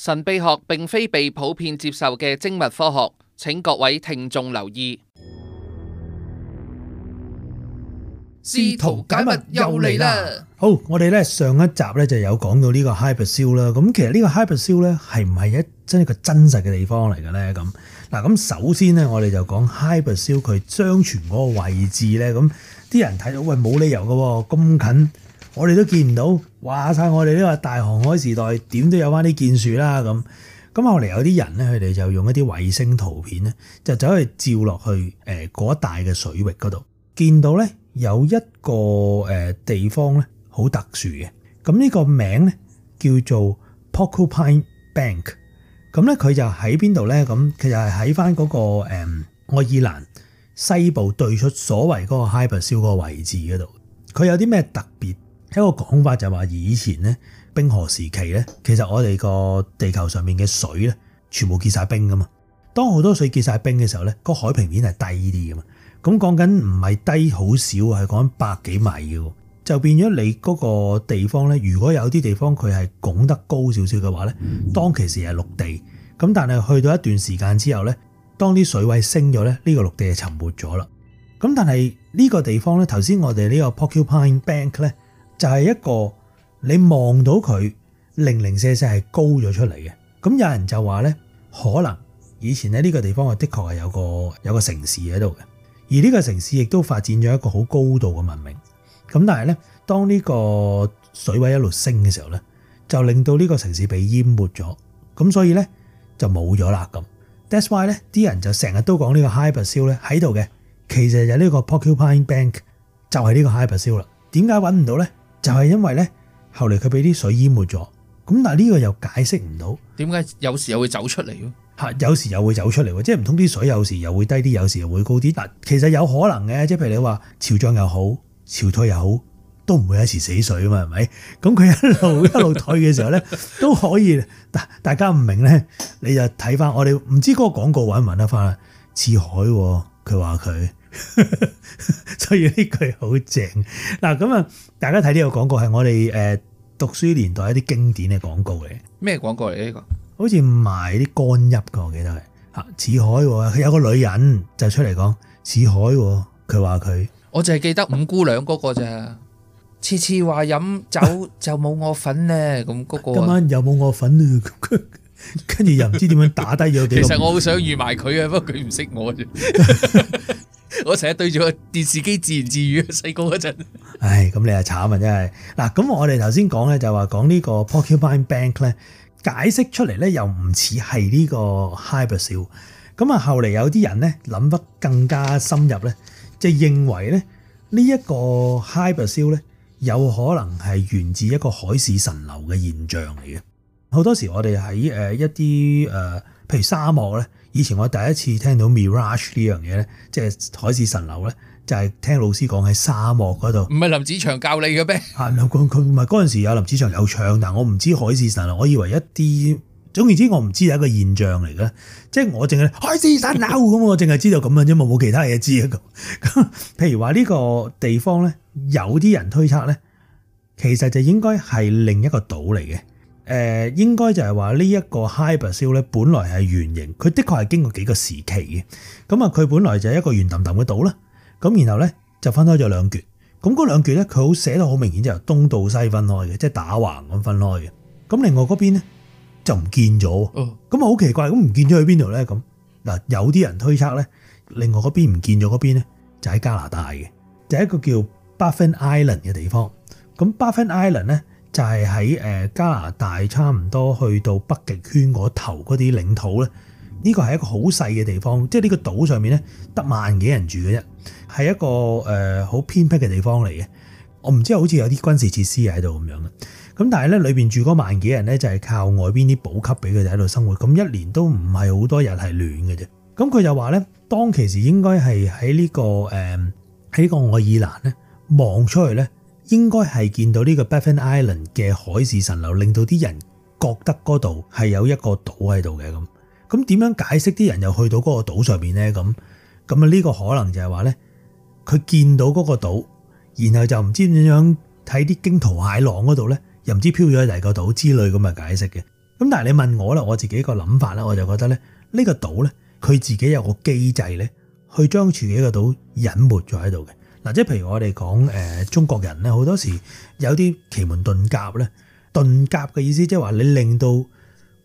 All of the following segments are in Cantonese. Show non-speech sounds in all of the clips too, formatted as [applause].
神秘學並非被普遍接受嘅精密科學，請各位聽眾留意。試圖解密又嚟啦！好，我哋咧上一集咧就有講到呢個 Hy Basil 啦。咁其實呢個 Hy Basil 咧係唔係一真係一個真實嘅地方嚟嘅咧？咁嗱，咁首先咧我哋就講 Hy Basil 佢張傳嗰個位置咧，咁啲人睇到喂冇理由噶，咁近。我哋都見唔到，話晒，我哋呢個大航海時代點都有翻啲建樹啦咁。咁後嚟有啲人咧，佢哋就用一啲衛星圖片咧，就走去照落去誒嗰、呃、一帶嘅水域嗰度，見到咧有一個誒、呃、地方咧好特殊嘅。咁、這、呢個名咧叫做 Porcupine Bank。咁咧佢就喺邊度咧？咁其實係喺翻嗰個誒愛爾蘭西部對出所謂嗰個 Hy Basil 嗰個位置嗰度。佢有啲咩特別？一個講法就話，以前咧冰河時期咧，其實我哋個地球上面嘅水咧，全部結晒冰噶嘛。當好多水結晒冰嘅時候咧，個海平面係低啲噶嘛。咁講緊唔係低好少，係講緊百幾米嘅。就變咗你嗰個地方咧，如果有啲地方佢係拱得高少少嘅話咧，當其時係陸地。咁但係去到一段時間之後咧，當啲水位升咗咧，呢、這個陸地就沉沒咗啦。咁但係呢個地方咧，頭先我哋呢個 Porcupine Bank 咧。就係、是、一個你望到佢零零四四係高咗出嚟嘅，咁有人就話呢，可能以前喺呢個地方嘅的確係有個有個城市喺度嘅，而呢個城市亦都發展咗一個好高度嘅文明。咁但係呢，當呢個水位一路升嘅時候呢，就令到呢個城市被淹沒咗，咁所以呢，就冇咗啦。咁 That's why 呢啲人就成日都講呢個 Hy Basil 呢喺度嘅，其實就呢個 Porcupine Bank 就係呢個 Hy Basil 啦。點解揾唔到呢？就係因為咧，後嚟佢俾啲水淹沒咗，咁但係呢個又解釋唔到，點解有時又會走出嚟吓，有時又會走出嚟，即係唔通啲水有時又會低啲，有時又會高啲？但其實有可能嘅，即係譬如你話潮漲又好，潮退又好，都唔會一時死水啊嘛，係咪？咁佢一路一路退嘅時候咧， [laughs] 都可以。大家唔明咧，你就睇翻我哋唔知嗰個廣告搵唔搵得翻啊？似海喎，佢話佢。 [laughs] 所以呢句好正嗱，咁啊，大家睇呢個廣告係我哋誒讀書年代一啲經典嘅廣告嚟。咩廣告嚟呢個？好似賣啲干邑嘅，我記得係吓似海，佢有個女人就出嚟講似海，佢話佢我淨係記得五姑娘嗰個咋，次次話飲酒就冇我份呢。咁嗰、嗰個今晚又冇我份跟住又唔知點樣打低咗。 [laughs] 其實我好想預埋佢啊，不過佢唔識我。啫。 [laughs] 我成日對住個電視機自言自語，細個嗰陣。 [laughs] 唉，咁你啊慘啊，真係。嗱，咁我哋頭先講咧，就話講呢個 porcupine bank 咧，解釋出嚟咧又唔似係呢個 Hy Basil。咁啊，後嚟有啲人咧諗得更加深入咧，即係認為咧呢一個 Hy Basil 咧有可能係源自一個海市蜃樓嘅現象嚟嘅。好多時我哋喺誒一啲誒。呃譬如沙漠咧，以前我第一次聽到 mirage 呢樣嘢咧，即係海市蜃樓咧，就係聽老師講喺沙漠嗰度。唔係林子祥教你嘅咩？佢唔係嗰陣時有林子祥有唱，但係我唔知海市蜃樓，我以為一啲總言之，我唔知係一個現象嚟嘅。即係我淨係 [laughs] 海市蜃樓咁，我淨係知道咁樣啫嘛，冇其他嘢知啊。咁 [laughs] 譬如話呢個地方咧，有啲人推測咧，其實就應該係另一個島嚟嘅。誒應該就係話呢一個 Hy Basil 咧，本來係圓形，佢的確係經過幾個時期嘅。咁啊，佢本來就係一個圓凼凼嘅島啦。咁然後咧就分開咗兩橛。咁嗰兩橛咧，佢好寫得好明顯，就由東到西分開嘅，即係打橫咁分開嘅。咁另外嗰邊咧就唔見咗。咁啊好奇怪，咁唔見咗去邊度咧？咁嗱，有啲人推測咧，另外嗰邊唔見咗嗰邊咧，就喺加拿大嘅，就係一個叫 Baffin Island 嘅地方。咁 Baffin Island 咧。就係喺誒加拿大，差唔多去到北極圈嗰頭嗰啲領土咧，呢個係一個好細嘅地方，即係呢個島上面咧得萬幾人住嘅啫，係一個誒好偏僻嘅地方嚟嘅。我唔知好似有啲軍事設施喺度咁樣，咁但係咧，裏邊住嗰萬幾人咧，就係靠外邊啲補給俾佢哋喺度生活，咁一年都唔係好多日係暖嘅啫。咁佢就話咧，當其時應該係喺呢個誒喺、呃、個愛爾蘭咧望出去咧。應該係見到呢個 Baffin Island 嘅海市蜃樓，令到啲人覺得嗰度係有一個島喺度嘅咁。咁點樣怎麼解釋啲人又去到嗰個島上面呢？咁咁啊？呢、這個可能就係話呢，佢見到嗰個島，然後就唔知點樣睇啲驚濤駭浪嗰度呢，又唔知漂咗喺第個島之類咁啊解釋嘅。咁但係你問我啦，我自己個諗法呢，我就覺得咧，呢、這個島呢，佢自己有個機制呢，去將自己個島隱沒咗喺度嘅。嗱，即係譬如我哋講誒，中國人咧好多時有啲奇門遁甲咧，遁甲嘅意思即係話你令到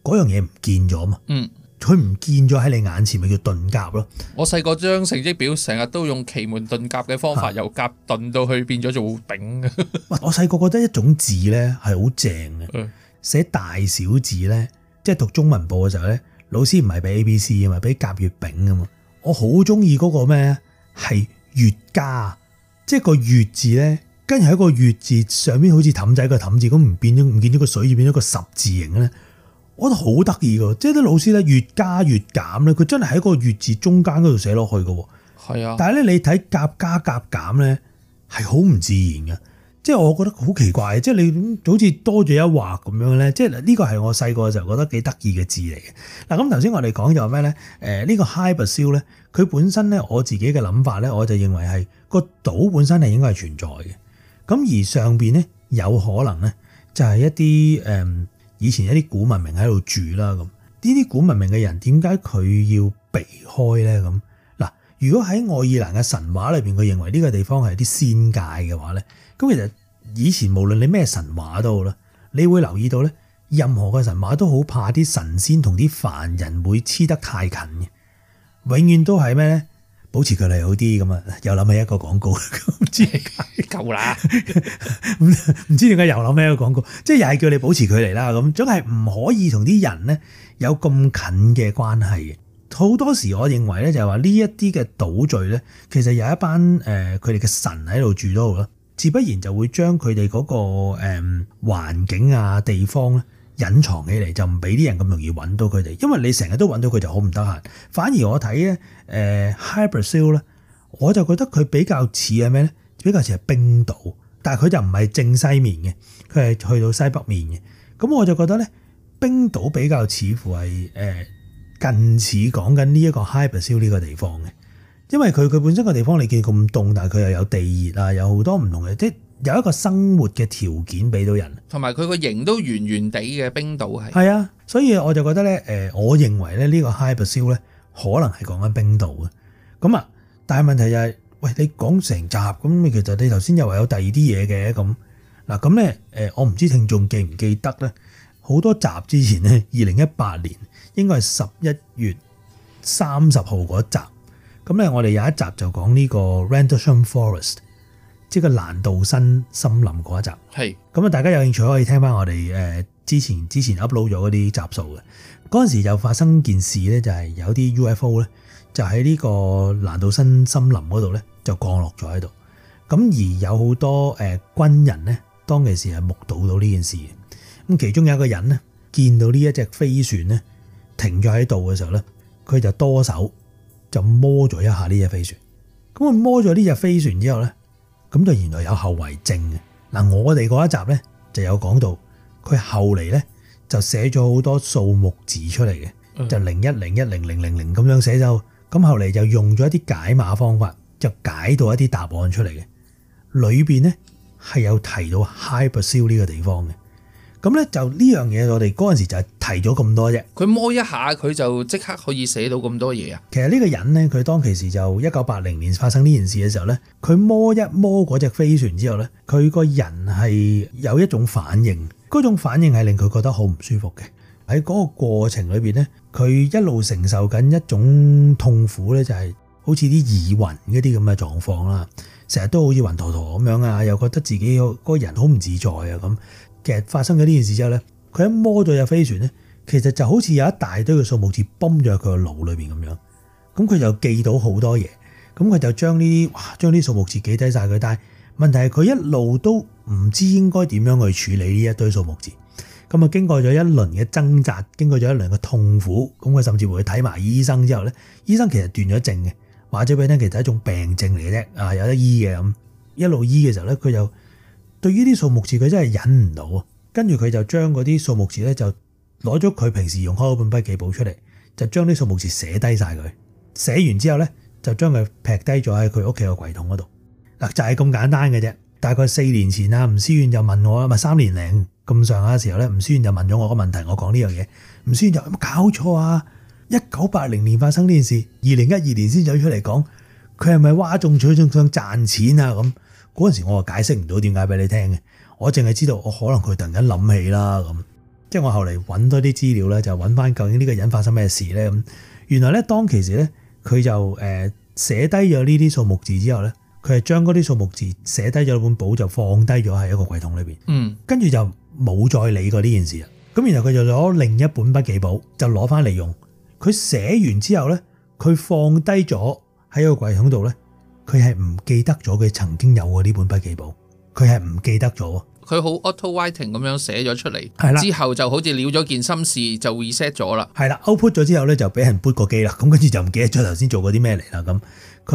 嗰樣嘢唔見咗嘛？嗯，佢唔見咗喺你眼前，咪叫遁甲咯。我細個將成績表成日都用奇門遁甲嘅方法，啊、由甲遁到去變咗做丙。哇！ [laughs] 我細個覺得一種字咧係好正嘅，寫大小字咧，即係讀中文部嘅時候咧，老師唔係俾 A、B、C 啊嘛，俾甲、乙、丙㗎嘛，我好中意嗰個咩係越加。即係個月字咧，跟住喺個月字上邊好似氹仔個氹字咁，唔變咗唔見咗個水，變咗個十字形咧。我覺得好得意嘅，即係啲老師咧越加越減咧，佢真係喺個月字中間嗰度寫落去嘅。係啊，但係咧你睇夾加夾減咧，係好唔自然嘅。即係我覺得好奇怪，即係你好似多咗一畫咁樣咧。即係呢個係我細個嘅時候覺得幾得意嘅字嚟嘅嗱。咁頭先我哋講就話咩咧？誒，呢個 Hy Basil 咧，佢本身咧我自己嘅諗法咧，我就認為係。個島本身係應該係存在嘅，咁而上邊咧有可能咧就係一啲誒、嗯、以前一啲古文明喺度住啦咁，呢啲古文明嘅人點解佢要避開咧咁？嗱，如果喺愛爾蘭嘅神話裏邊，佢認為呢個地方係啲仙界嘅話咧，咁其實以前無論你咩神話都好啦，你會留意到咧，任何嘅神話都好怕啲神仙同啲凡人會黐得太近嘅，永遠都係咩咧？保持距離好啲咁啊！又諗起一個廣告，唔 [laughs] 知而家夠啦，唔知點解又諗起一個廣告，即係又係叫你保持距離啦。咁總係唔可以同啲人咧有咁近嘅關係嘅。好多時我認為咧，就係話呢一啲嘅島嶼咧，其實有一班誒佢哋嘅神喺度住到。好啦，自不然就會將佢哋嗰個誒環境啊地方咧，隱藏起嚟就唔俾啲人咁容易揾到佢哋，因為你成日都揾到佢就好唔得閒。反而我睇咧，誒 Hy Basil 咧，Hy Basil，我就覺得佢比較似係咩咧？比較似係冰島，但佢就唔係正西面嘅，佢係去到西北面嘅。咁我就覺得咧，冰島比較似乎係、呃、近似講緊呢一個 Hy Basil 呢個地方嘅，因為佢佢本身個地方你見咁凍，但佢又有地熱啊，有好多唔同嘅即。有一個生活嘅條件俾到人，同埋佢個型都圓圓地嘅。冰島係？係啊，所以我就覺得咧，誒，我認為咧呢個 Hy Basil 咧可能係講緊冰島嘅。咁啊，但係問題就係，喂，你講成集咁，其實你頭先又話有第二啲嘢嘅咁。嗱咁咧，誒，我唔知聽眾記唔記得咧，好多集之前咧，二零一八年應該係十一月三十號嗰集。咁咧，我哋有一集就講呢個 Rendlesham Forest。即個蘭道申森林嗰一集係咁啊！大家有興趣可以聽翻我哋誒之前之前 upload 咗嗰啲集數嘅，嗰陣時就發生件事咧，就係有啲 UFO 咧就喺呢個蘭道申森林嗰度咧就降落咗喺度。咁而有好多誒軍人咧當其時係目睹到呢件事嘅。咁其中有一個人咧見到呢一隻飛船咧停咗喺度嘅時候咧，佢就多手就摸咗一下呢隻飛船。咁佢摸咗呢隻飛船之後咧。咁就原來有後遺症嘅嗱，我哋嗰一集咧就有講到，佢後嚟咧就寫咗好多數目字出嚟嘅，就零一零一零零零零咁樣寫就，咁後嚟就用咗一啲解碼方法，就解到一啲答案出嚟嘅，裏面咧係有提到 Hy Basil 呢個地方嘅。咁咧就呢樣嘢，我哋嗰陣時就提咗咁多啫。佢摸一下，佢就即刻可以寫到咁多嘢啊！其實呢個人呢，佢當其時就一九八零年發生呢件事嘅時候呢，佢摸一摸嗰隻飛船之後呢，佢個人係有一種反應，嗰種反應係令佢覺得好唔舒服嘅。喺嗰個過程裏邊呢，佢一路承受緊一種痛苦呢，就係好似啲耳暈嗰啲咁嘅狀況啦。成日都好似暈陀陀咁樣啊，又覺得自己嗰個人好唔自在啊咁。其實發生咗呢件事之後咧，佢一摸到隻飛船咧，其實就好似有一大堆嘅數目字泵咗喺佢個腦裏邊咁樣。咁佢就記到好多嘢，咁佢就將呢啲哇，將啲數目字記低晒佢。但係問題係佢一路都唔知應該點樣去處理呢一堆數目字。咁啊，經過咗一輪嘅掙扎，經過咗一輪嘅痛苦，咁佢甚至會去睇埋醫生之後咧，醫生其實斷咗症嘅，話咗俾佢聽，其實係一種病症嚟嘅啫啊，有得醫嘅咁。一路醫嘅時候咧，佢就。對於呢啲數目字佢真係忍唔到啊！跟住佢就將嗰啲數目字咧就攞咗佢平時用開本筆記簿出嚟，就將啲數目字寫低晒佢。寫完之後咧，就將佢劈低咗喺佢屋企嘅櫃桶嗰度。嗱、嗯、就係、是、咁簡單嘅啫。大概四年前啊，吳思遠就問我啊，唔係三年零咁上下嘅時候咧，吳思遠就問咗我個問題，我講呢樣嘢，吳思遠就：有冇搞錯啊？一九八零年發生呢件事，二零一二年先走出嚟講，佢係咪嘩眾取寵想賺錢啊？咁？嗰陣時我解釋唔到點解俾你聽嘅，我淨係知道我可能佢突然間諗起啦咁，即係我後嚟揾多啲資料咧，就揾翻究竟呢個人發生咩事咧咁。原來咧，當其時咧，佢就誒寫低咗呢啲數目字之後咧，佢係將嗰啲數目字寫低咗本簿就放低咗喺一個櫃桶裏面，嗯，跟住就冇再理過呢件事。咁然後佢就攞另一本筆記簿就攞翻嚟用，佢寫完之後咧，佢放低咗喺一個櫃桶度咧。佢係唔記得咗佢曾經有過呢本筆記簿，佢係唔記得咗。佢好 auto writing 咁樣寫咗出嚟，係啦。之後就好似了咗件心事，就 reset 咗啦。係啦，output 咗之後咧就俾人 boot 過機啦，咁跟住就唔記得咗頭先做過啲咩嚟啦。咁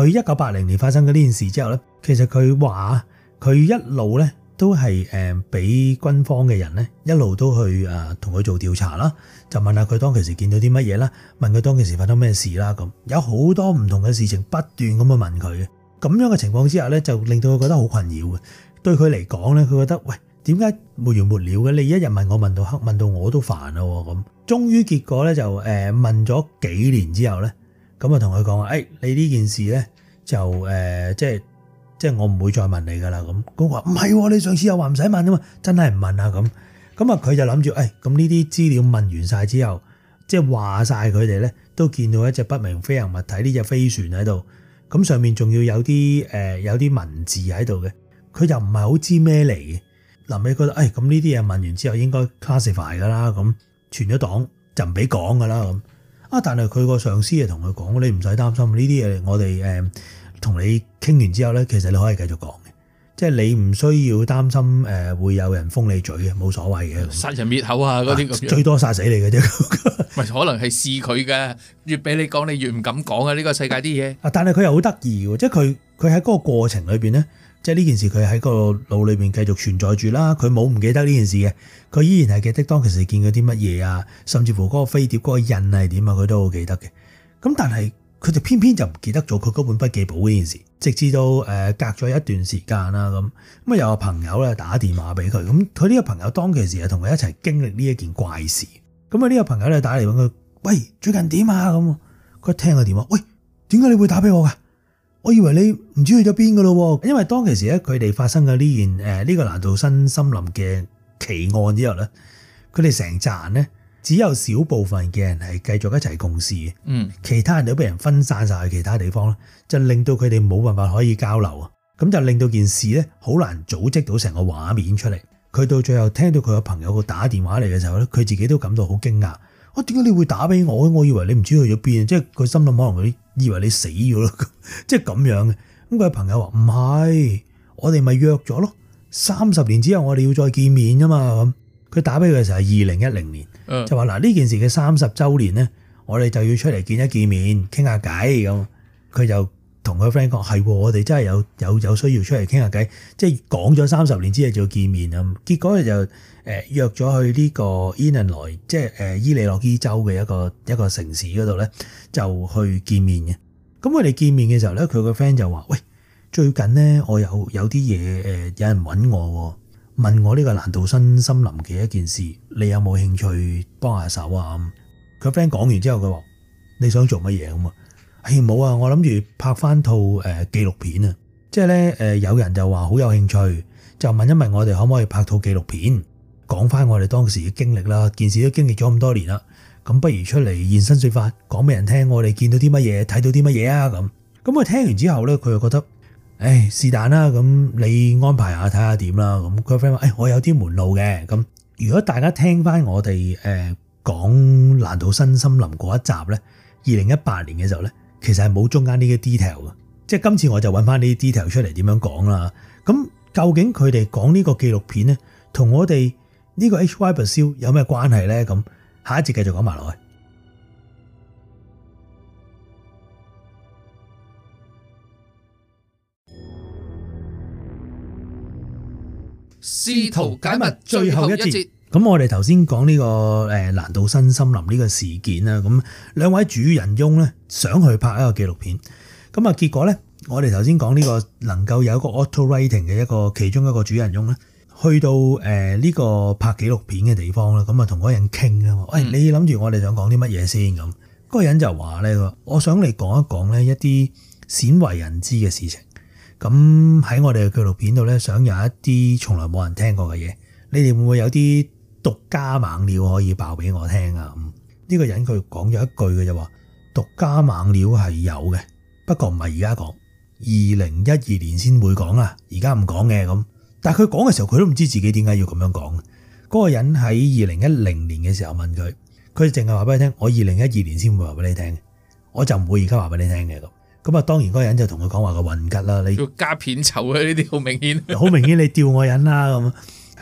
佢一九八零年發生嘅呢件事之後咧，其實佢話佢一路咧都係誒俾軍方嘅人咧一路都去同佢做調查啦，就問下佢當其時見到啲乜嘢啦，問佢當其時發生咩事啦，咁有好多唔同嘅事情不斷咁去問佢。咁樣嘅情況之下咧，就令到佢覺得好困擾嘅。對佢嚟講咧，佢覺得喂，點解沒完沒了嘅？你一日問我問到黑，問到我都煩啦。咁，終於結果咧就誒問咗幾年之後咧，咁啊同佢講話，誒你呢件事咧就誒、呃、即係即係我唔會再問你噶啦。咁佢話唔係，你上次又話唔使問啊嘛，真係唔問啊咁。咁啊佢就諗住，誒咁呢啲資料問完晒之後，即係話晒佢哋咧都見到一隻不明飛行物體呢隻飛船喺度。咁上面仲要有啲誒、呃、有啲文字喺度嘅，佢又唔係好知咩嚟嘅。臨尾覺得，哎，咁呢啲嘢問完之後應該 classify 噶啦，咁存咗檔就唔俾講噶啦咁。啊，但係佢個上司啊同佢講，你唔使擔心，呢啲嘢我哋誒同你傾完之後咧，其實你可以繼續講。即係你唔需要擔心誒會有人封你嘴嘅，冇所謂嘅，殺人滅口啊嗰啲，啊，最多殺死你嘅啫。唔可能係試佢嘅，越俾你講，你越唔敢講啊！呢，呢個世界啲嘢，但係佢又好得意喎。即係佢佢喺嗰個過程裏面呢，即係呢件事佢喺個腦裏面繼續存在住啦。佢冇唔記得呢件事嘅，佢依然係記得當其時見過啲乜嘢啊，甚至乎嗰個飛碟嗰個印係點啊，佢都好記得嘅。咁但係。佢就偏偏就唔記得咗佢嗰本筆記簿呢件事，直至到誒隔咗一段時間啦咁，咁啊有個朋友咧打電話俾佢，咁佢呢個朋友當其時係同佢一齊經歷呢一件怪事，咁啊呢個朋友咧打嚟問佢，喂，最近點啊咁，佢一聽個電話，喂，點解你會打俾我噶？我以為你唔知去咗邊噶咯，因為當其時咧佢哋發生嘅呢件誒呢個蘭道申森林嘅奇案之後咧，佢哋成站咧。只有少部分嘅人係繼續一齊共事嘅，嗯，其他人都俾人分散晒去其他地方咯，就令到佢哋冇辦法可以交流啊。咁就令到件事咧好難組織到成個畫面出嚟。佢到最後聽到佢個朋友個打電話嚟嘅時候咧，佢自己都感到好驚訝。我點解你會打俾我？我以為你唔知去咗邊，即係佢心諗可能佢以為你死咗咯，即係咁樣嘅。咁佢個朋友話唔係，我哋咪約咗咯，三十年之後我哋要再見面噶嘛。咁佢打俾佢嘅時候係二零一零年。就話嗱，呢件事嘅三十週年咧，我哋就要出嚟見一見面，傾下偈咁。佢就同佢 friend 講：係，我哋真係有有有需要出嚟傾下偈。即係講咗三十年之後就要見面咁。結果佢就誒、呃、約咗去呢個來即係誒、伊利諾州嘅一個一個城市嗰度咧，就去見面嘅。咁我哋見面嘅時候咧，佢個 friend 就話：喂，最近咧我有有啲嘢、呃、有人揾我喎。問我呢個蘭道申森林嘅一件事，你有冇興趣幫下手啊？佢 friend 講完之後，佢話：你想做乜嘢咁啊？誒冇啊，我諗住拍翻套誒紀錄片啊！即係咧誒，有人就話好有興趣，就問一問我哋可唔可以拍套紀錄片，講翻我哋當時嘅經歷啦。件事都經歷咗咁多年啦，咁不如出嚟現身説法，講俾人聽，我哋見到啲乜嘢，睇到啲乜嘢啊？咁咁佢聽完之後咧，佢就覺得。唉，是但啦，咁你安排下睇下點啦。咁佢個 friend 話，唉，我有啲門路嘅。咁如果大家聽翻我哋誒講難道新森林蘭道申森林嗰一集咧，二零一八年嘅時候咧，其實係冇中間呢啲 detail 嘅。即係今次我就搵翻呢啲 detail 出嚟，點樣講啦。咁究竟佢哋講呢個紀錄片咧，同我哋呢個 Hy Basil 有咩關係咧？咁下一節繼續講埋落去。試圖解密最後一節，咁我哋頭先講呢個誒蘭道申森林呢個事件啦，咁兩位主人翁咧，想去拍一個紀錄片，咁啊結果咧，我哋頭先講呢個能夠有一個 auto writing 嘅一個其中一個主人翁咧，去到誒呢個拍紀錄片嘅地方啦，咁啊同嗰個人傾啊嘛，喂，你諗住我哋想講啲乜嘢先咁。嗰個人就話咧，我想嚟講一講咧一啲鮮為人知嘅事情。咁喺我哋嘅紀錄片度咧，想有一啲從來冇人聽過嘅嘢，你哋會唔會有啲獨家猛料可以爆俾我聽啊？呢、嗯呢個人佢講咗一句嘅就話：獨家猛料係有嘅，不過唔係而家講，二零一二年先會講啦，而家唔講嘅咁。但係佢講嘅時候，佢都唔知自己點解要咁樣講。嗰、嗰個人喺二零一零年嘅時候問佢，佢淨係話俾你聽：我二零一二年先會話俾你聽，我就唔會而家話俾你聽嘅咁。咁啊，當然嗰人就同佢講話個運吉啦，你要加片酬啊，呢啲好明顯，好明顯你吊我人啦咁。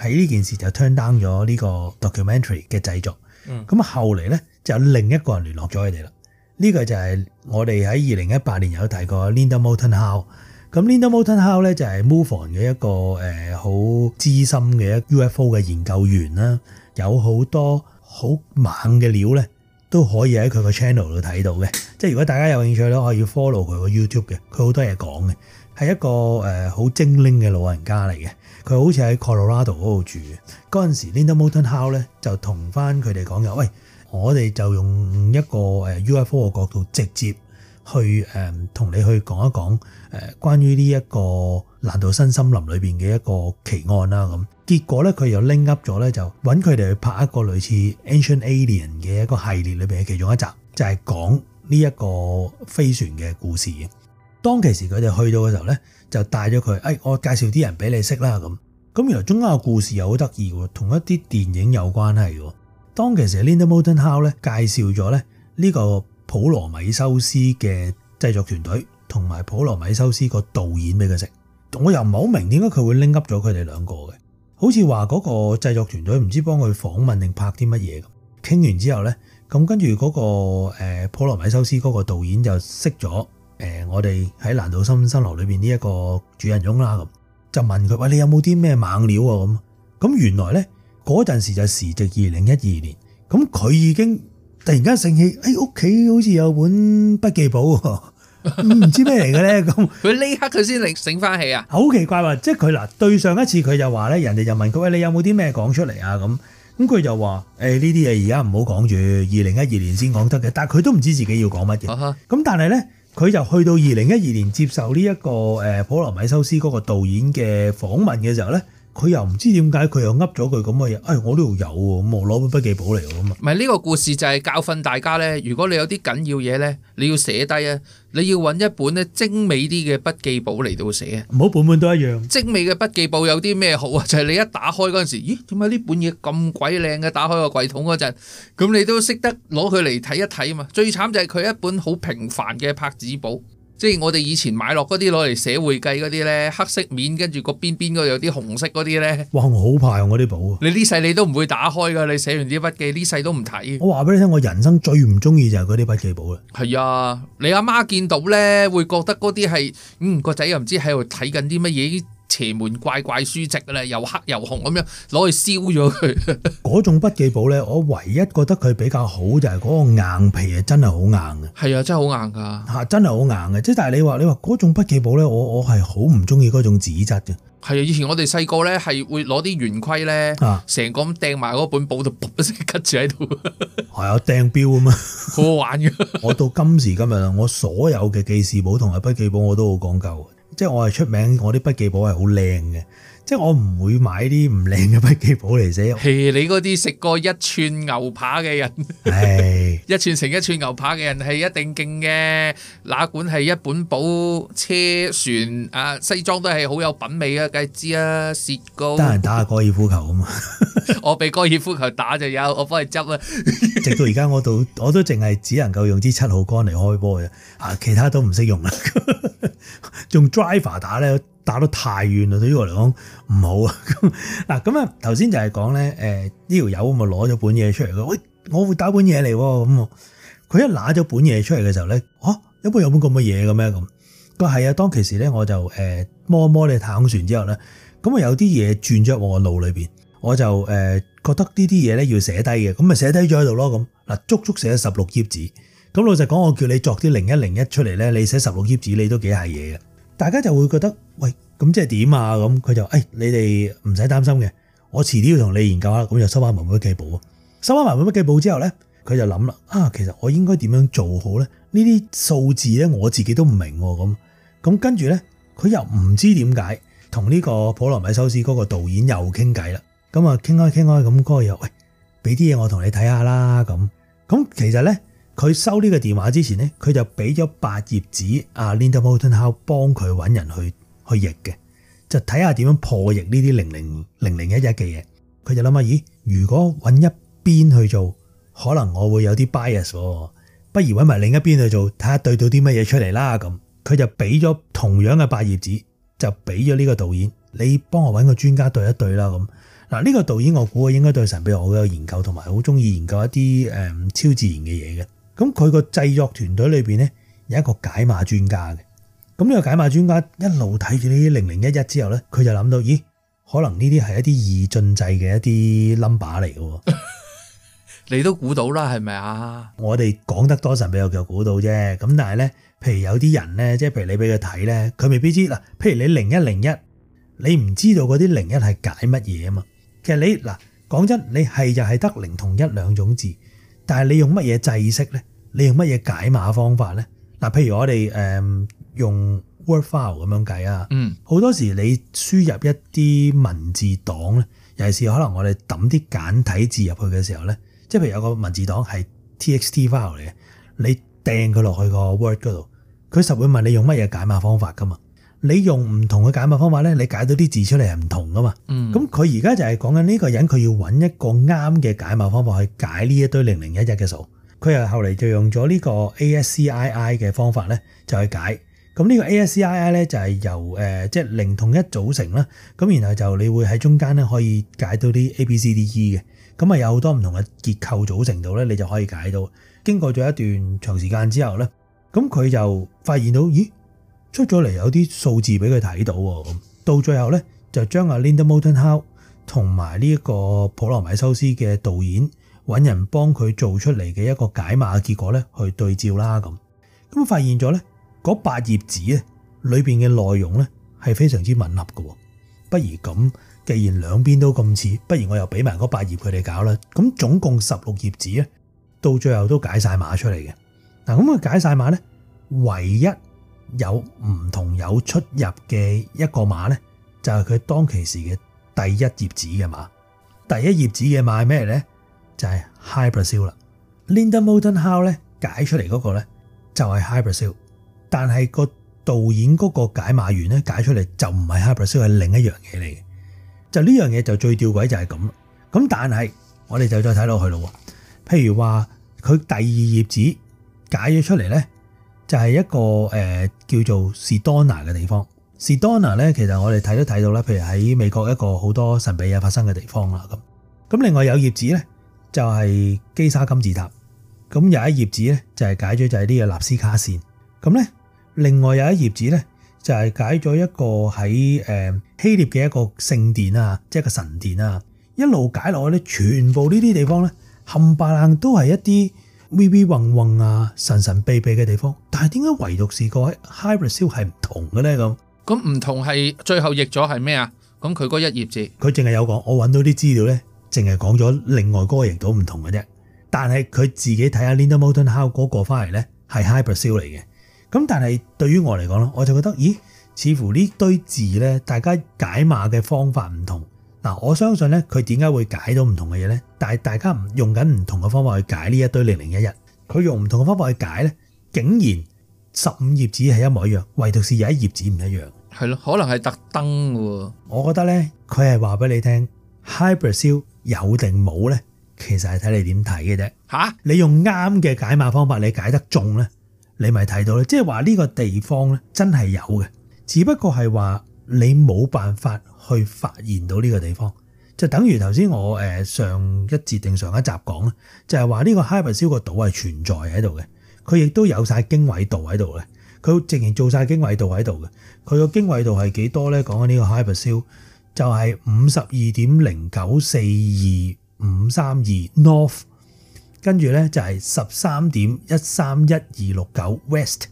喺 [laughs] 呢件事就 turn down 咗呢個 documentary 嘅製作。咁、嗯、後嚟咧就有另一個人聯絡咗佢哋啦。呢、這個就係我哋喺二零一八年有提過 Linda Moulton Howe 咁 Linda Moulton Howe 咧就係 Move On 嘅一個誒好資深嘅 UFO 嘅研究員啦，有好多好猛嘅料咧。都可以喺佢個 channel 度睇到嘅，即係如果大家有興趣咧，我可以 follow 佢個 YouTube 嘅，佢好多嘢講嘅，係一個誒好、呃、精靈嘅老人家嚟嘅，佢好似喺 Colorado 嗰度住。嗰陣時，Linda Moulton Howe 咧就同翻佢哋講嘅，喂，我哋就用一個 UFO 嘅角度直接去同、嗯、你去講一講誒、呃、關於呢一個，蘭道申森林裏邊嘅一個奇案啦，咁結果咧佢又拎 up 咗咧，就揾佢哋去拍一個類似 Ancient Alien 嘅一個系列裏邊嘅其中一集，就係講呢一個飛船嘅故事嘅。當其時佢哋去到嘅時候咧，就帶咗佢，誒、哎、我介紹啲人俾你識啦咁。咁原來中間嘅故事又好得意嘅，同一啲電影有關係嘅。當其時 Linda Moulton Howe 咧介紹咗咧呢個普羅米修斯嘅製作團隊同埋普羅米修斯個導演俾佢識。我又唔係好明點解佢會拎噏咗佢哋兩個嘅，好似話嗰個製作團隊唔知幫佢訪問定拍啲乜嘢咁。傾完之後呢，咁跟住嗰個誒普羅米修斯嗰個導演就識咗誒我哋喺蘭道申森林裏面呢一個主人翁啦咁，就問佢喂，你有冇啲咩猛料啊咁。咁原來呢，嗰陣時就時值二零一二年，咁佢已經突然間醒起：哎「誒屋企好似有本筆記簿。唔 [laughs] 知咩嚟嘅咧，咁佢呢刻佢先醒醒翻起啊，好奇怪話，即係佢嗱對上一次佢就話咧，人哋就問佢喂，你有冇啲咩講出嚟啊咁，咁佢就話誒呢啲嘢而家唔好講住，二零一二年先講得嘅，但係佢都唔知自己要講乜嘢，咁 [laughs] 但係咧佢就去到二零一二年接受呢、這、一個誒普羅米修斯嗰個導演嘅訪問嘅時候咧。佢又唔知點解，佢又噏咗佢咁嘅嘢。哎，我呢度有咁我攞本筆記簿嚟喎咁啊！咪呢個故事就係教訓大家呢：如果你有啲緊要嘢呢，你要寫低啊，你要揾一本呢精美啲嘅筆記簿嚟到寫，唔好本本都一樣。精美嘅筆記簿有啲咩好啊？就係你一打開嗰陣時，咦點解呢本嘢咁鬼靚嘅？打開個櫃桶嗰陣，咁你都識得攞佢嚟睇一睇啊嘛！最慘就係佢一本好平凡嘅拍子簿。即係我哋以前買落嗰啲攞嚟寫會計嗰啲呢，黑色面，跟住個邊邊都有啲紅色嗰啲呢。哇！我好怕用嗰啲簿啊！你呢世你都唔會打開㗎，你寫完啲筆記呢世都唔睇。我話俾你聽，我人生最唔中意就係嗰啲筆記簿啊。係啊，你阿媽見到呢，會覺得嗰啲係嗯，個仔又唔知喺度睇緊啲乜嘢。邪門怪怪書籍咧，又黑又紅咁樣，攞去燒咗佢。嗰 [laughs] 種筆記簿咧，我唯一覺得佢比較好就係、是、嗰個硬皮啊，真係好硬嘅。係啊，真係好硬噶。吓，真係好硬嘅。即係但係你話你話嗰種筆記簿咧，我我係好唔中意嗰種紙質嘅。係啊，以前我哋細、啊、個咧係會攞啲圓規咧，成個咁掟埋嗰本簿度，卜一聲吉住喺度。係啊，掟標啊嘛，好好玩嘅的。 [laughs] 我到今時今日我所有嘅記事簿同埋筆記簿我都好講究。即係我係出名，我啲筆記簿係好靚嘅。即係我唔會買啲唔靚嘅筆記簿嚟寫。誒，你嗰啲食過一串牛扒嘅人， [laughs] 一串成一串牛扒嘅人係一定勁嘅。哪管係一本簿，車船啊、西裝都係好有品味嘅，梗係知啦。薛高得閒打下高爾夫球啊嘛。 [laughs] 我俾高爾夫球打就有，我幫你執啦。 [laughs] 直到而家我度，我都淨係只能夠用支七號杆嚟開波嘅，啊，其他都唔識用啦。 [laughs] 仲 driver 打咧，打到太遠啦，對於、 [laughs] 我嚟講唔好啊。嗱，咁啊，頭先就係講咧，誒呢條友咁咪攞咗本嘢出嚟喂，我會打本嘢嚟，咁佢一揦咗本嘢出嚟嘅時候咧，哦，一本有本咁嘅嘢嘅咩咁？佢係啊，當其時咧我就誒摸摸你太空船之後咧，咁啊有啲嘢轉咗我個腦裏邊，我就誒覺得呢啲嘢咧要寫低嘅，咁咪寫低咗喺度咯咁，嗱足足寫咗十六頁紙。咁老實講，我叫你作啲零一零一出嚟咧，你寫十六頁紙，你都幾係嘢嘅。大家就會覺得喂，咁即係點啊？咁佢就誒、哎，你哋唔使擔心嘅，我遲啲要同你研究下。」咁就收翻埋筆記簿啊，收翻埋筆記簿之後咧，佢就諗啦啊，其實我應該點樣做好咧？呢啲數字咧，我自己都唔明喎、啊。咁咁跟住咧，佢又唔知點解同呢個普羅米修斯嗰個導演又傾偈啦。咁啊，傾開傾開，咁嗰個又喂，俾啲嘢我同你睇下啦。咁咁其實咧。佢收呢個電話之前呢，佢就俾咗八頁紙，阿 Linda Moulton Howe 幫佢揾人去去譯嘅，就睇下點樣破譯呢啲零零零零一一嘅嘢。佢就諗下，咦？如果揾一邊去做，可能我會有啲 bias，不如揾埋另一邊去做，睇下對到啲乜嘢出嚟啦。咁佢就俾咗同樣嘅八頁紙，就俾咗呢個導演，你幫我揾個專家對一對啦。咁嗱，呢、這個導演我估應該對神秘學好有研究，同埋好中意研究一啲、嗯、超自然嘅嘢嘅。咁佢個製作團隊裏面咧有一個解碼專家嘅，咁呢個解碼專家一路睇住呢啲零零一一之後咧，佢就諗到，咦，可能呢啲係一啲二進制嘅一啲 number 嚟嘅。你都估到啦，係咪啊？我哋講得多神比較夠估到啫，咁但係咧，譬如有啲人咧，即係譬如你俾佢睇咧，佢未必知嗱，譬如你零一零一，你唔知道嗰啲零一係解乜嘢啊嘛，其實你嗱講真，你係就係得零同一兩種字。但係你用乜嘢制式咧？你用乜嘢解碼方法咧？嗱，譬如我哋誒用 Word file 咁樣計啊，嗯，好多時你輸入一啲文字檔咧，尤其是可能我哋抌啲簡體字入去嘅時候咧，即係譬如有個文字檔係 TXT file 嚟嘅，你掟佢落去個 Word 嗰度，佢實會問你用乜嘢解碼方法噶嘛？你用唔同嘅解碼方法咧，你解到啲字出嚟係唔同噶嘛？咁佢而家就係講緊呢個人，佢要揾一個啱嘅解碼方法去解呢一堆零零一一嘅數。佢又後嚟就用咗呢個 ASCII 嘅方法咧、呃，就去解。咁呢個 ASCII 咧就係由誒即係零同一組成啦。咁然後就你會喺中間咧可以解到啲 A B C D E 嘅。咁啊有好多唔同嘅結構組成度咧，你就可以解到。經過咗一段長時間之後咧，咁佢就發現到咦？出咗嚟有啲數字俾佢睇到喎，到最後呢就將阿 Linda Moten Hall 同埋呢一個普羅米修斯嘅導演揾人幫佢做出嚟嘅一個解碼結果呢去對照啦咁，咁發現咗呢嗰八頁紙呢裏邊嘅內容呢係非常之吻合嘅，不如咁，既然兩邊都咁似，不如我又俾埋嗰八頁佢哋搞啦，咁總共十六頁紙呢到最後都解晒碼出嚟嘅，嗱咁佢解晒碼呢，唯一，有唔同有出入嘅一個碼咧，就係佢當其時嘅第一頁紙嘅碼。第一頁紙嘅碼咩咧？就係 Hy Basil 啦。Linda Moulton Howe 咧解出嚟嗰個咧就係 Hy Basil 但係個導演嗰個解碼員咧解出嚟就唔係 Hy Basil，係另一東西樣嘢嚟嘅。就呢樣嘢就最吊詭就係咁啦。咁但係我哋就再睇落去咯。譬如話佢第二頁紙解咗出嚟咧。就係、是、一個誒叫做 Sedona 嘅地方。Sedona 咧，其實我哋睇都睇到啦，譬如喺美國一個好多神秘嘢發生嘅地方啦。咁咁另外有葉子咧，就係基沙金字塔。咁有一頁紙咧，就係解咗就係呢個納斯卡線。咁咧，另外有一頁紙咧，就係解咗一個喺誒希臘嘅一個聖殿啊，即係個神殿啊。一路解落去咧，全部呢啲地方咧，冚唪唥都係一啲。微微混混啊，神神秘秘嘅地方，但係點解唯獨是個喺 Hy Basil 係唔同嘅咧咁？咁唔同係最後譯咗係咩啊？咁佢嗰一頁字，佢淨係有講，我搵到啲資料咧，淨係講咗另外嗰個譯到唔同嘅啫。但係佢自己睇下 Linear Motion How 嗰個翻嚟咧，係 Hy Basil 嚟嘅。咁但係對於我嚟講咯，我就覺得咦，似乎呢堆字咧，大家解碼嘅方法唔同。嗱，我相信咧，佢點解會解到唔同嘅嘢咧？但係大家唔用緊唔同嘅方法去解呢一堆零零一一，佢用唔同嘅方法去解咧，竟然十五頁紙係一模一樣，唯獨是有一頁紙唔一樣。係咯，可能係特登喎。我覺得咧，佢係話俾你聽，Hy Basil 有定冇咧，其實係睇你點睇嘅啫。嚇，你用啱嘅解碼方法，你解得中咧，你咪睇到咧，即係話呢個地方咧，真係有嘅，只不過係話你冇辦法。去發現到呢個地方，就等於頭先我誒上一節定上一集講咧，就係話呢個 Hy Basil 個島係存在喺度嘅，佢亦都有晒經緯度喺度嘅，佢直然做晒經緯度喺度嘅，佢個經緯度係幾多咧？講緊呢個 Hy Basil 就係五十二點零九四二五三二 North，跟住咧就係十三點一三一二六九 West。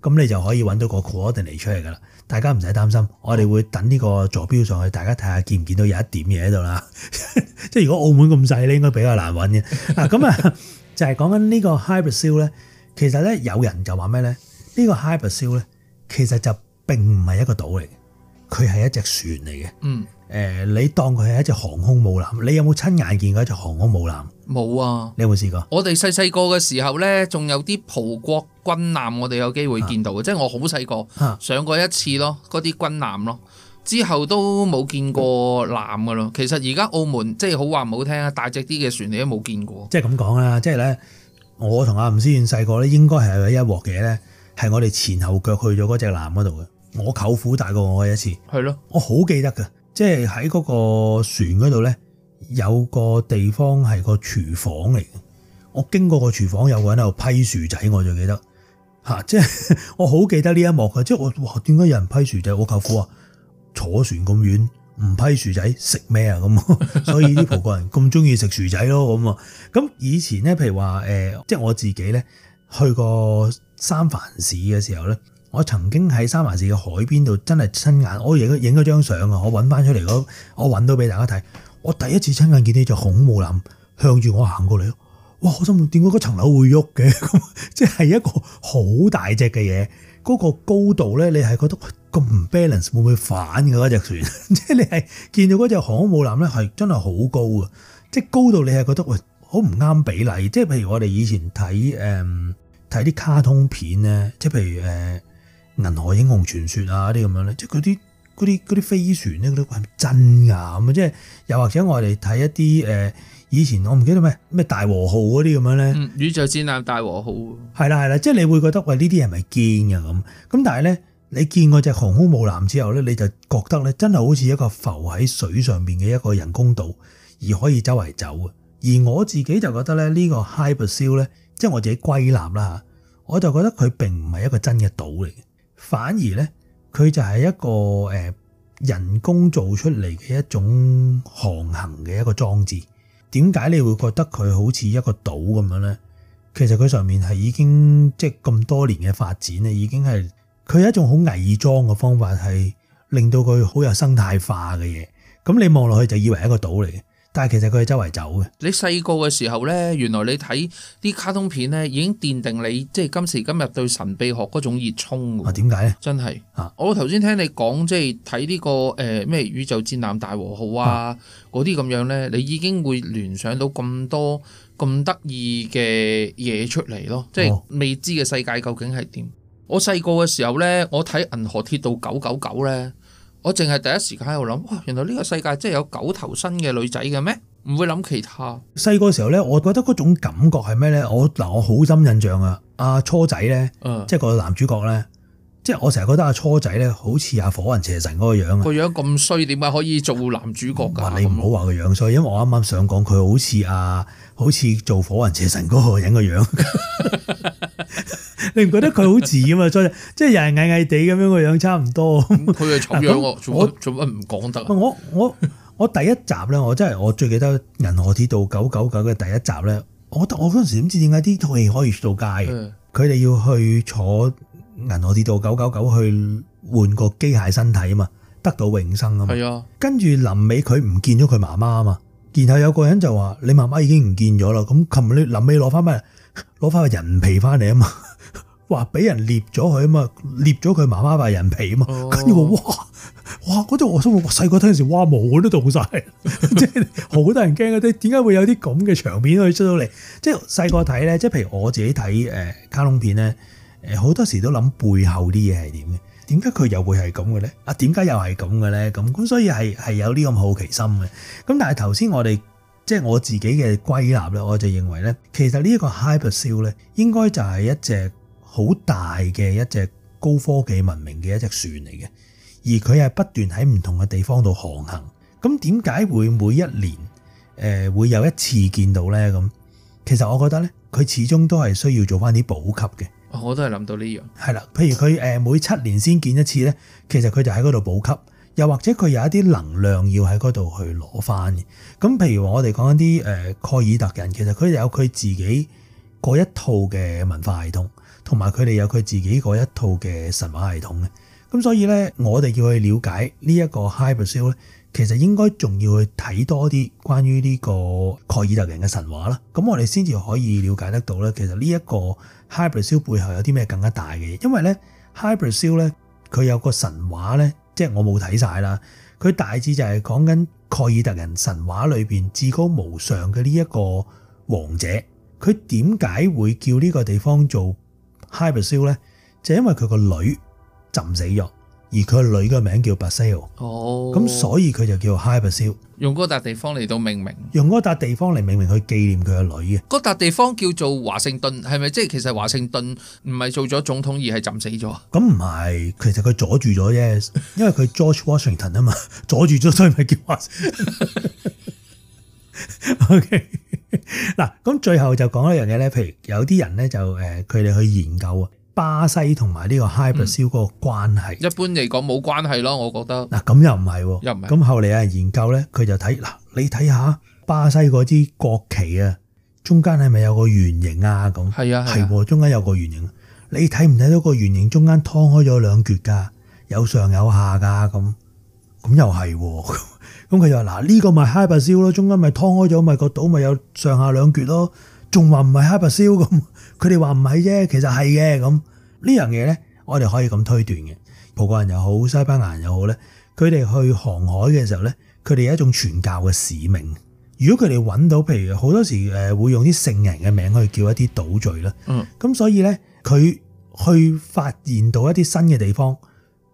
咁你就可以揾到個 coordinate 出嚟噶啦，大家唔使擔心，我哋會等呢個坐標上去，大家睇下見唔見到有一點嘢喺度啦。即 [laughs] 係如果澳門咁細你應該比較難揾嘅。嗱 [laughs] 咁啊，就係講緊呢個 Hy Basil 咧，其實咧有人就話咩咧？這個、Seal 呢個 Hy Basil 咧，其實就並唔係一個島嚟嘅，佢係一隻船嚟嘅。嗯。誒、呃，你當佢係一隻航空母艦，你有冇親眼見過一隻航空母艦？冇啊！你有冇試過？我哋細細個嘅時候呢，仲有啲葡國軍艦，我哋有機會見到嘅，即、啊、係、就是、我好細個上過一次咯，嗰、啊、啲軍艦咯，之後都冇見過艦㗎咯。其實而家澳門即係好話唔好聽啊，大隻啲嘅船你都冇見過。即係咁講啦，即、就、係、是、呢。我同阿吳思遠細個咧，應該係有一鑊嘅，呢係我哋前後腳去咗嗰隻艦嗰度嘅。我舅父大過我一次，係咯，我好記得㗎。即係喺嗰個船嗰度咧，有個地方係個廚房嚟嘅。我經過個廚房，有個人喺度批薯仔，我就記得。吓，即係我好記得呢一幕嘅。即係我哇，點解有人批薯仔？我舅父啊，坐船咁遠唔批薯仔，食咩啊？咁，所以啲葡國人咁中意食薯仔咯。咁啊，咁以前咧，譬如話誒，即係我自己咧去過三藩市嘅時候咧。我曾經喺三藩市嘅海邊度，真係親眼，我影咗影咗張相啊！我揾翻出嚟嗰，我揾到俾大家睇。我第一次親眼見到隻航母艦向住我行過嚟咯。哇！我心諗，點解嗰層樓會喐嘅？ [laughs] 即係一個好大隻嘅嘢，嗰、嗰個高度咧，你係覺得咁唔 balance 會唔會反嘅嗰隻船？即係你係見到嗰隻航母艦咧，係真係好高啊。即係高度你係覺得喂好唔啱比例。即係譬如我哋以前睇誒睇啲卡通片咧，即係譬如誒。嗯銀河英雄傳説啊，啲咁樣咧，即係嗰啲嗰啲嗰啲飛船咧，嗰啲係真㗎咁。即係又或者我哋睇一啲誒以前我唔記得咩咩大和號嗰啲咁樣咧，宇宙戰艦大和號係啦係啦，即係你會覺得喂呢啲係咪堅㗎咁？咁但係咧，你見過隻航空母艦之後咧，你就覺得咧真係好似一個浮喺水上邊嘅一個人工島，而可以周圍走啊。而我自己就覺得咧呢個 Hy Basil 呢，咧，即係我自己歸納啦，我就覺得佢並唔係一個真嘅島嚟嘅。反而呢，佢就係一個誒、呃、人工做出嚟嘅一種航行嘅一個裝置。點解你會覺得佢好似一個島咁樣呢？其實佢上面係已經即係咁多年嘅發展呢，已經係佢係一種好偽裝嘅方法，係令到佢好有生態化嘅嘢。咁、嗯、你望落去就以為係一個島嚟嘅。但係其實佢係周圍走嘅。你細個嘅時候呢，原來你睇啲卡通片呢，已經奠定你即係今時今日對神秘學嗰種熱衷嘅呢。啊，點解咧？真係啊！我頭先聽你講，即係睇呢個誒咩、呃、宇宙戰艦大和號啊，嗰啲咁樣呢，你已經會聯想到咁多咁得意嘅嘢出嚟咯。即係未知嘅世界究竟係點、哦？我細個嘅時候呢，我睇銀河鐵道九九九呢。我淨係第一時間喺度諗，哇！原來呢個世界真係有九頭身嘅女仔嘅咩？唔會諗其他。細個時候呢，我覺得嗰種感覺係咩呢？我嗱，我好深印象啊！阿初仔呢，即係個男主角呢，嗯、即係我成日覺得阿初仔呢好似阿火雲邪神嗰個樣啊！個樣咁衰，點解可以做男主角噶？你唔好話佢樣衰，因為我啱啱想講佢好似阿，好似做火雲邪神嗰個人個樣。 [laughs] [laughs] [laughs] 你唔覺得佢好似啊嘛？所以 [laughs] 即係又係矮矮地咁樣個 [laughs] 樣，差唔多。佢係咁樣喎，做乜唔講得？我我我第一集咧，我真係我最記得《銀河鐵道九九九》嘅第一集咧。我得我嗰陣時唔知點解啲套戲可以出到街嘅。佢哋的要去坐銀河鐵道九九九去換個機械身體啊嘛，得到永生啊嘛。係啊的，跟住臨尾佢唔見咗佢媽媽啊嘛。然後有個人就話：你媽媽已經唔見咗啦，咁琴日你臨尾攞翻咩？嚟，攞翻個人皮翻嚟啊嘛，話俾人獵咗佢啊嘛，獵咗佢媽媽塊人皮啊嘛，跟住我哇哇嗰陣，我心諗細個睇嗰陣時哇，毛都凍晒，即係好多人驚嘅，即係點解會有啲咁嘅場面去出到嚟？即係細個睇咧，即係譬如我自己睇誒卡通片咧，誒好多時都諗背後啲嘢係點嘅。點解佢又會係咁嘅咧？啊，點解又係咁嘅咧？咁、嗯、咁所以係係有呢個好奇心嘅。咁但係頭先我哋即係我自己嘅歸納咧，我就認為咧，其實呢一個 Hy Basil 咧，應該就係一隻好大嘅一隻高科技文明嘅一隻船嚟嘅。而佢係不斷喺唔同嘅地方度航行。咁點解會每一年誒、呃、會有一次見到咧？咁其實我覺得咧，佢始終都係需要做翻啲補給嘅。我都係諗到呢樣，係啦，譬如佢誒每七年先見一次咧，其實佢就喺嗰度補給，又或者佢有一啲能量要喺嗰度去攞翻。咁譬如話我哋講一啲誒蓋爾特人，其實佢哋有佢自己嗰一套嘅文化系統，同埋佢哋有佢自己嗰一套嘅神話系統嘅。咁所以咧，我哋要去了解呢一個 Hy Basil 咧，其實應該仲要去睇多啲關於呢個蓋爾特人嘅神話啦。咁我哋先至可以了解得到咧，其實呢、這、一個。Hy Basil 背後有啲咩更加大嘅嘢？因為咧 Hy Basil 咧，佢有個神話咧，即係我冇睇晒啦。佢大致就係講緊蓋爾特人神話裏面至高無上嘅呢一個王者，佢點解會叫呢個地方做 Hy Basil 咧？就是、因為佢個女浸死咗，而佢個女嘅名叫 Basil 咁、oh. 嗯、所以佢就叫 Hy Basil 用嗰笪地方嚟到命名，用嗰笪地方嚟命名去紀念佢個女嘅。嗰笪地方叫做華盛頓，係咪即係其實華盛頓唔係做咗總統而係浸死咗？咁唔係，其實佢阻住咗啫，因為佢 George Washington 啊 [laughs] 嘛，阻住咗所以咪叫華盛頓。 [laughs] OK，嗱，咁最後就講一樣嘢咧，譬如有啲人咧就誒，佢哋去研究啊。巴西同埋呢個 hyper 燒 l 個關係，嗯、一般嚟講冇關係咯，我覺得。嗱咁又唔係喎，咁後嚟有人研究咧，佢就睇嗱，你睇下巴西嗰支國旗啊，中間係咪有個圓形啊？咁係啊，係喎、啊啊，中間有個圓形。你睇唔睇到個圓形中間劏開咗兩橛㗎？有上有下㗎咁，咁又係喎、啊。咁 [laughs] 佢就話嗱，呢、這個咪 hyper 燒咯，中間咪劏開咗咪個島咪有上下兩橛咯，仲話唔係 hyper 燒咁。佢哋話唔係啫，其實係嘅，咁呢樣嘢咧，我哋可以咁推斷嘅。葡國人又好，西班牙人又好咧，佢哋去航海嘅時候咧，佢哋有一種傳教嘅使命。如果佢哋揾到，譬如好多時誒會用啲聖人嘅名去叫一啲島嶼啦。嗯，咁所以咧，佢去發現到一啲新嘅地方，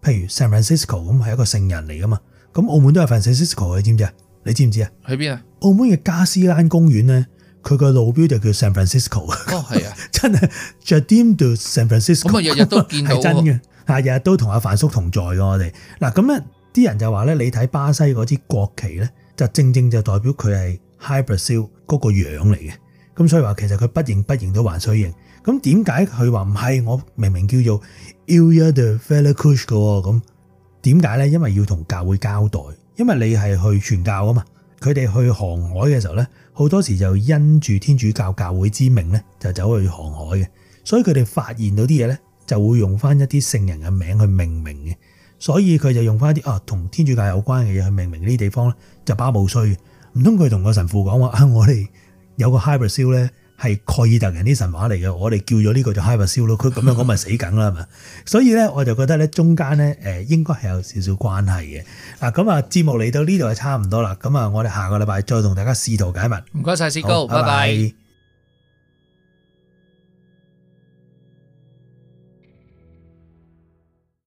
譬如 San Francisco 咁係一個聖人嚟噶嘛。咁澳門都係 San Francisco，你知唔知啊？你知唔知啊？喺邊啊？澳門嘅加斯欄公園咧。佢個路標就叫 San Francisco。哦，係啊，真係 Jardim de San Francisco。咁日日都見到，係真嘅。啊，日日都同阿凡叔同在咯，我哋嗱咁咧，啲人就話咧，你睇巴西嗰支國旗咧，就正正就代表佢係 Hy Basil 嗰個樣嚟嘅。咁所以話其實佢不認不認都還須認。咁點解佢話唔係？我明明叫做 Ilha de Vera Cruz 嘅喎。咁點解咧？因為要同教會交代，因為你係去傳教啊嘛。佢哋去航海嘅時候咧。好多時就因住天主教教會之名咧，就走去航海嘅，所以佢哋發現到啲嘢咧，就會用翻一啲聖人嘅名去命名嘅，所以佢就用翻一啲啊同天主教有關嘅嘢去命名呢啲地方咧，就巴冇衰。唔通佢同個神父講話啊，我哋有個 Hy Basil 咧。係蓋爾特人啲神話嚟嘅，我哋叫咗呢個就 Hy Basil，佢咁樣講咪死梗啦，係嘛。 [laughs] 所以咧，我就覺得咧，中間咧，誒，應該係有少少關係嘅。嗱，咁啊，節目嚟到呢度係差唔多啦。咁啊，我哋下個禮拜再同大家試圖解密。唔該晒，薛高，拜拜。拜拜。